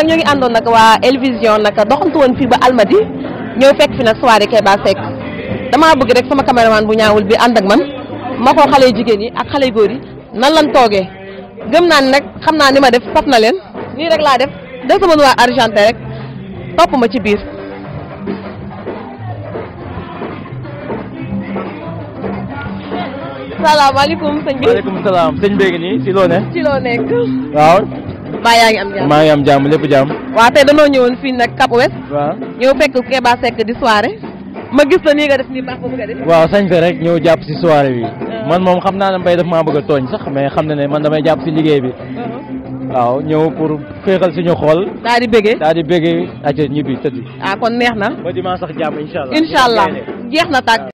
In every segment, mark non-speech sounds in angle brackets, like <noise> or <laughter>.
nag ñoo ngi àndoon nag waa Elvision nag doxantu woon fii ba Almadi ñoo fekk fi nag soirée Keba Seck damaa bëgg rek sama caméraman bu ñaawul bi ànd ak man ma ko xale jigéen yi ak xale góor yi nan lan toogee gëm naa ni nag xam naa ni ma def saf na leen nii rek laa def de sama nuwaa argenté rek topp ma ci biir salaamaaleykum salaam sëñ bi ngi nii ci loo ne ci loo nekk waaw mbaa yaa ngi am jàmm maa ngi am jàmm lépp jàmm. waaw tey danoo ñëwoon fii nag Cap Ouest. waaw ñëw fekk Keba Seck di soirée. ma gis la nii nga def nii baax bëgg a def. waaw sañ sa rek ñëw jàpp si soirée bi. Ah. man moom xam naa ne mbay daf maa bëgg a tooñ sax mais xam na ne man damay jàpp si liggéey bi. Uh-huh. waaw ñëw pour féexal suñu xool. daal di bëggee daal di bëggee àjjee ñibbi tëdd. ah kon neex na. ba sax jàmm incha allah allah jeex na tàkk.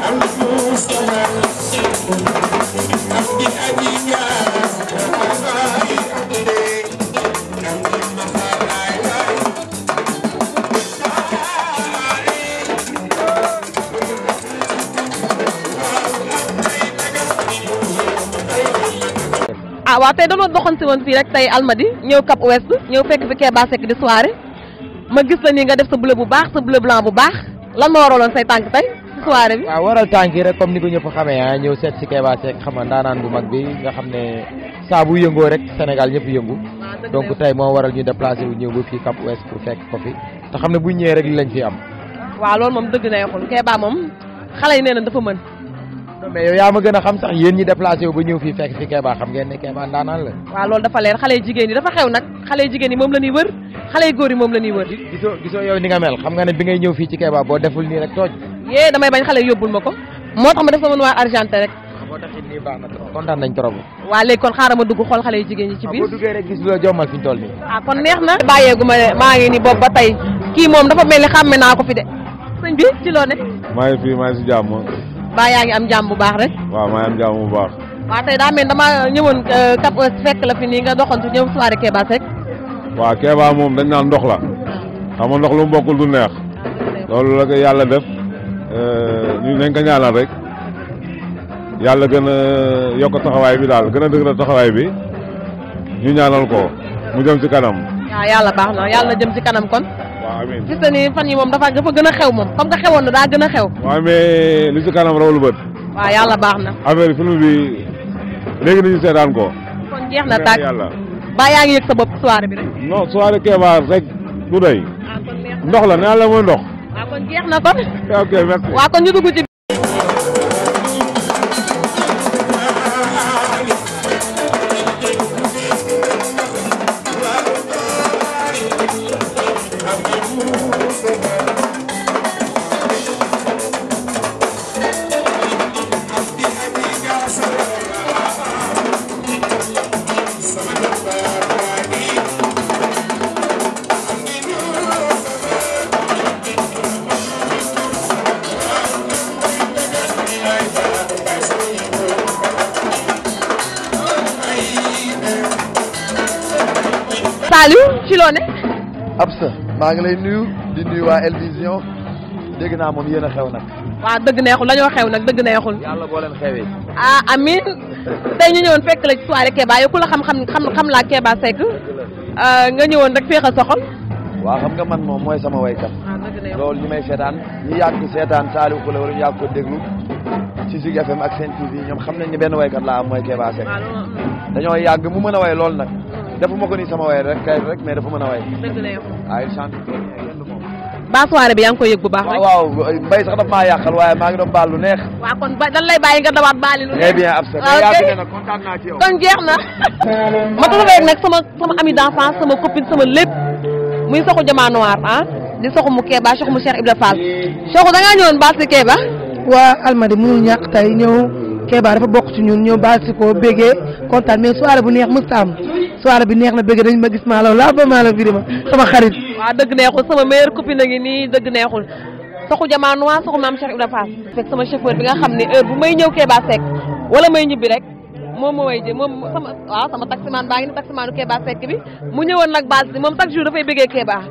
tey dama doxantu woon fii rek tey almadi ñëw Cap Ouest ñëw fekk fi Keba Seck di soirée ma gis la nii nga def sa bleu bu baax sa bleu blanc bu baax lan ma waraloon say tànk tey ci soirée bi. waaw waral tànk yi rek comme ni ko ñëpp xamee ah ñëw seet si Keba Seck xam nga ndaanaan bu mag bi nga xam ne saa bu yëngoo rek Sénégal ñëpp yëngu. Ah, donc tey moo waral ñu déplacé wu ñëw ba fii Cap Ouest pour fekk ko fi te xam ne bu ñëwee rek li lañ fi am. waaw loolu moom dëgg neexul Keba xale yi nee na dafa mën mais yow yaa ma gën a xam sax yéen ñi déplacé wu ba ñëw fii fekk fi Kéba xam ngeen ne Kéba ndaanaan la waaw loolu dafa leer xale jigéen yi dafa xew nag xale jigéen yi moom la ñuy wër xale góor nga mel xam nga ne bi ngay ñëw fii ci Kéba boo deful nii rek tooj yée damay bañ xale yóbbul ma ko moo tax ma def sama noir argenté rek moo ah, tax kontaan nañ trop waa léegi kon xaaral ma dugg xool xale yu jigéen ñi ci ah, biir boo duggee rek gis la ah, kon neex na bàyyeegu ma maa ngi ni boobu ba tey kii moom dafa mel ni xàmme naa ko fi de sëñ bi loo ne maa ngi fii baa yaa ngi am jàmm bu baax rek. waaw maa ngi am jàmm bu baax. waaw tey daa mel dama ñëwoon euh, Cap Euz fekk la fi nii nga doxantu ñëw soirée Kéba Seck. waaw Kéba moom dañ naan ndox la. xam nga ndox lu mu bokkul du neex. loolu la ko yàlla def euh, ñu nañ ko ñaanal rek yàlla gën a euh, yokk taxawaay bi daal gën a dëgëral taxawaay bi ñu ñaanal ko mu jëm ci kanam. yàlla baax na yàlla jëm ci kanam kon. waaw amiin gis na ni fan yi moom dafa dafa gën a xew moom comme que xewoon na daa gën a xew. waaw mais li si kanam rawul bët. waaw yàlla baax na. affaire film bi léegi nañu seetaan ko. kon na tàkk ba yaa ngi yëg sa bopp soirée bi rek. non soirée Kéba rek du doy. Ah, ndox la nee la mooy ndox. waaw ah, kon jeex na kon. ok kon ñu dugg ci Saliou ci loo ne. Absa maa ngi lay nuyu di nuyu waa El Vision dégg naa moom yéen a xew nag. waaw dëgg neexul dañoo xew nag dëgg neexul. yàlla boo leen xewee. ah amiin tey ñu ñëwoon fekk la ci soirée Keba yow ku la xam-xam xam laa Keba Seck nga ñëwoon rek féex a soxal. waaw xam nga man moom mooy sama waykat. loolu ñi may seetaan ñi yàgg seetaan Saliou Khoulé wala ñu yàgg ko déglu. ci Zik FM ak Sen TV ñoom xam nañ ne benn waykat laa am mooy Keba Seck. dañoo yàgg mu mën a way lool nag. defuma ko ni sama way rek kayit rek mais dafa mën a way. dëgg la yow. ba soirée bi yaa ngi koy yëg bu baax rek. waaw mbay sax daf maa yàqal waaye maa ngi doon baal lu neex. waaw kon ba dan lay bàyyi nga dawaat baali lu neex. très bien ab sa mais nag kon jeex na <laughs> ma tudd rek nag sama sama ami d'enfance sama copine sama lépp muy soxu jamaa noir ah di soxu mu Kéba soxu mu Cheikh Ibrahima Fall soxu da ngaa baal si Kéba. waa Almadi mënul ñàkk tey ñëw. Kéba dafa bok ci ñun ñoo baal ci ko bégee contane mais soir bu neex musta am soir bi neex na bégee dañ ma gis ma law la ba ma la birima sama xarit wa deug neexul sama meilleure copine ngi ni deug neexul saxu jamaano wa saxu mam Cheikh Ibrahima fek sama chauffeur bi nga xamni heure bu may ñew Kéba sek wala may ñibbi rek mom mo way je mom sama wa sama taxi man baangi ni manu Kéba sek bi mu ñewon nak base bi mom chaque jour fay bégee Kéba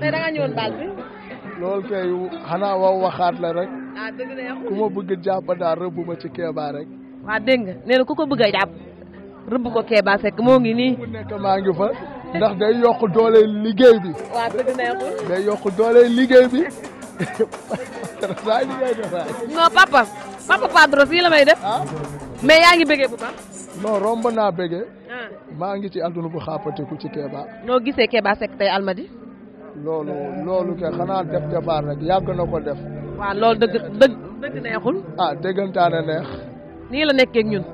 tay da nga ñewon base bi lol kay xana wa waxat la rek ah, ku ma bëgg japp da rëbb ma ci keba rek wa deeng neena kuko bëgg japp jàpp ko keba fek mo ngi ni mu nekk ma ngi fa ndax day yok doole liggey bi wa deug na neexul day yok doole liggey bi <laughs> no papa papa padro fi la may def ah? mais ya ngi bëgge bu baax non romb na bëgge ah. ma ngi ci aduna bu ku ci keba no gisee keba sekk tay almadi loolu loolu ke xanaa def départ rek yàgg na ko def. waaw loolu dëgg dëgg neexul. ah dëggantaane neex. nii la nekkee ñun.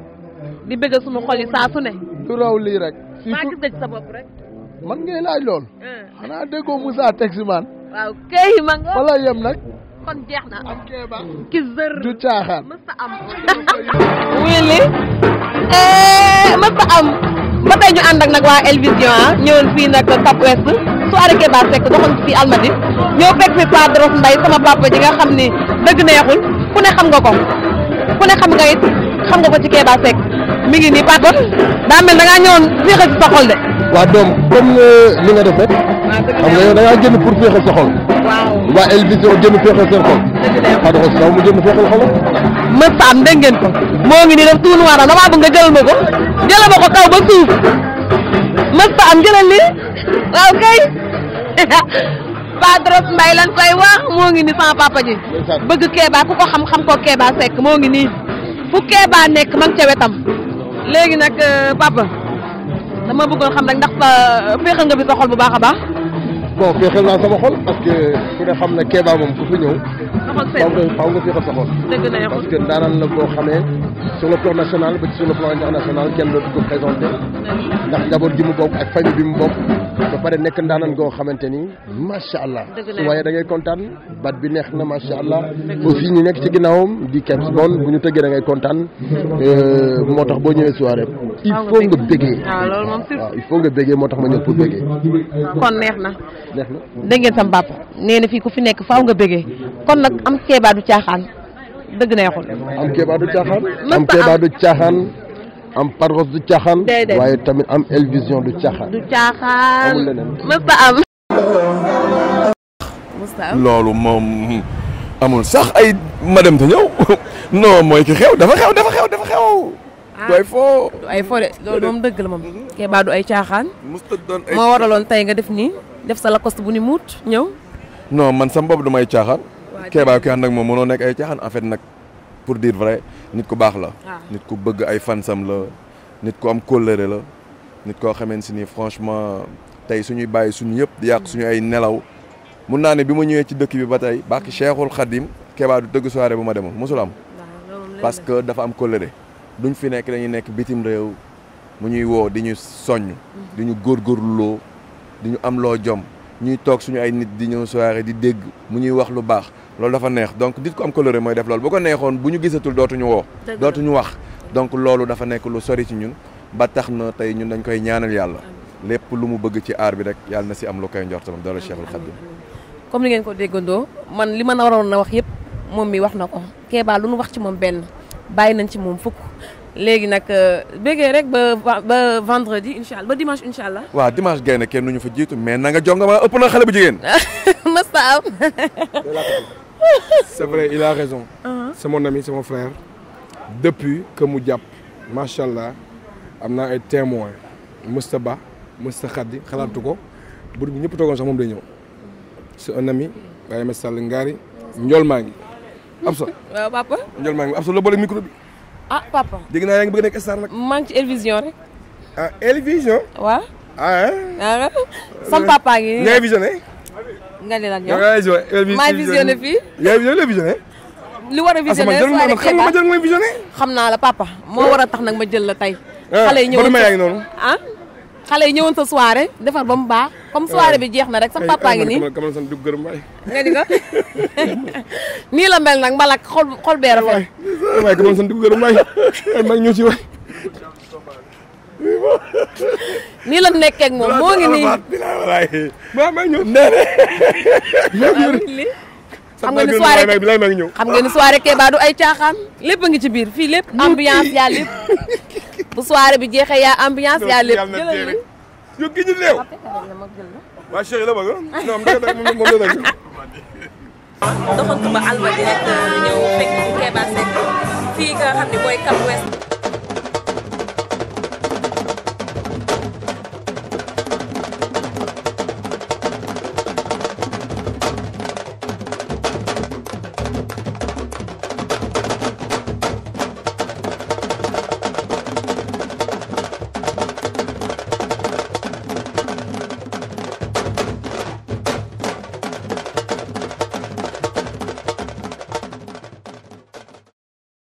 di bëgg suñu xol yi saa su ne. du raw lii rek. maa gis laaj lool. Ah. xanaa déggoo Moussa Texman. waaw kay ma nga. fa la yem nag. ki zër du caaxaan. mësta am. <laughs> wili. Eh, mësta am. ba tey ñu ànd nag waa El ah ñëwoon fii nag Cap Ouest. arrêté ba fekk doxantu fii almadi ñëw fekk fi Pa Doros Mbaye sama papa ji nga xam ni dëgg neexul ku ne xam nga ko ku ne xam nga it xam nga ko ci Kéba Seck mi ngi nii Pape daa mel da ngaa ñëwoon féexal ci sa xol de. waaw doom comme euh, li nga def rek. xam nga yow da ngaa génn pour féexal sa xol. waaw waa El génn féexal seen xol. Pa Doros Mbaye mu ko moo ngi nii def tuunu waaram damaa bëgg nga jëlal ma ko jëlal ma ko kaw ba suuf. mës am jëlal li waaw kay <laughs> Padros Mbaye lan koy wax moo ngi ni sama papa ji bëgg Kéba ku ko xam-xam ko Kéba Seck moo ngi nii fu Kéba nekk man ngi ca wetam léegi nag euh, papa dama bëggoon xam rek ndax euh, féexal nga bi sa xol bu baax a baax bon sama xol parce que ku ne xam Kéba moom fi parce que la boo sur le plan national sur le plan international kenn le ko présenté. ndax njaboot gi mu bokk ak famille bi mu bokk. ba pare nekk goo xamante ni da ngay bat bi na aussi ñu nekk ci ginnaawam di bu ñu da ngay euh, soirée. il faut nga bégee ah, il faut nga bégee moo tax ma pour bégee. kon dégg ngeen sam fii ku fi nekk faaw nga bëggee kon nag am keebaa du caaxaan dëgg neexul. am keebaa du caaxaan. am keebaa du caaxaan. am parros du caaxaan. am El du caaxaan. du caaxaan loolu moom amul sax ay ma dem te ñëw <laughs> non mooy ki xew dafa xew dafa xew dafa xew. Ah. du ay foo du ay foo de moom dëgg la moom. Mm-hmm. keebaa du ay caaxaan. moo waraloon tey nga def nii. def sa lacoste bu ni muut ñëw. non man sam bopp damay caaxaan. waaw Kéba ki ànd ak moom mënoo nekk ay caaxaan en nag pour dire vrai nit ku baax la. Ah. nit ku bëgg ay fan sam la nit ku am kóllëre la nit koo xamante ni franchement tey suñuy bàyyi suñu yëpp yàq mm. suñu ay nelaw. mun naa ne bi ma ñëwee ci dëkk bi ba tey bàkki Cheikhul Khadim Kéba du tëgg soirée bu ma demoon mosul am. parce que dafa am kóllëre duñ fi nekk dañuy nekk bitim réew mu ñuy woo di ñu soññ. Mm-hmm. di ñu góorgóorloo. di ñu am loo jom ñuy toog suñu ay nit di ñëw soirée di dégg mu ñuy wax lu baax loolu dafa neex donc nit ku am coloré mooy def loolu bu ko neexoon bu ñu gisatul dootuñu woo dootuñu wax donc loolu dafa nekk lu sori ci ñun ba tax na tey ñun dañ koy ñaanal yàlla lépp lu mu bëgg ci aar bi rek yàlla na si am lu koy njortamam dara Cheikhul Khadim comme ni ngeen ko déggandoo man li a waroon na wax yëpp moom mi wax na ko Kéba lu nu wax ci moom benn bàyyi nañ ci moom fukk léegi nag euh, bëggee rek ba ba vendredi incha allah ba dimanche incha Wa dimanche gaynde kenn du ñu fa jiitu mais na nga jox nga ma ëpp na xale bu jigéen. <laughs> mësta am. <laughs> c'est vrai il a raison. Uh-huh. c'est mon ami c'est mon frère. depuis que mu jàpp macha allah am naa ay témoins mësta ba mësta xaddi xalaatu ko bu bu ñëpp toogoon sax moom day ñëw. c'est un ami Baye Massa Sall Ngari. Ndiol maa ngi. am sa waaw papa. Ndiol maa ngi am sa la boole micro ah papa. dégg naa yaa ngi bëgg nekk star nag. maa ngi Elvision ah Elvision. waaw. Ah, eh? ah ah. sam papa ngi nii. ngay visionné. nga ne lan yow. maa visionné fii. yaa ngi visionné visionné. li war a ah, visionné rek xam nga la papa moo war a tax nag ma jël la tey. Ah, xale yi ñëwoon ah xale yi ñëwoon sa soirée defar ba mu baax. comme soirée papa ngi nii. kamal san dugg gërëm waay. nga di ko <laughs> nii la mel waaye ka man sant bu gërëm waay waay mag ñu ci waay la nekkee ak moom na xam nga xam nga ay caaxaan a ngi ci biir fii lépp ambiance yaa lépp bu soirée bi ambiance yaa lépp la doxantuma Alba direct ñëw fekk Keba Seck fii nga xam ne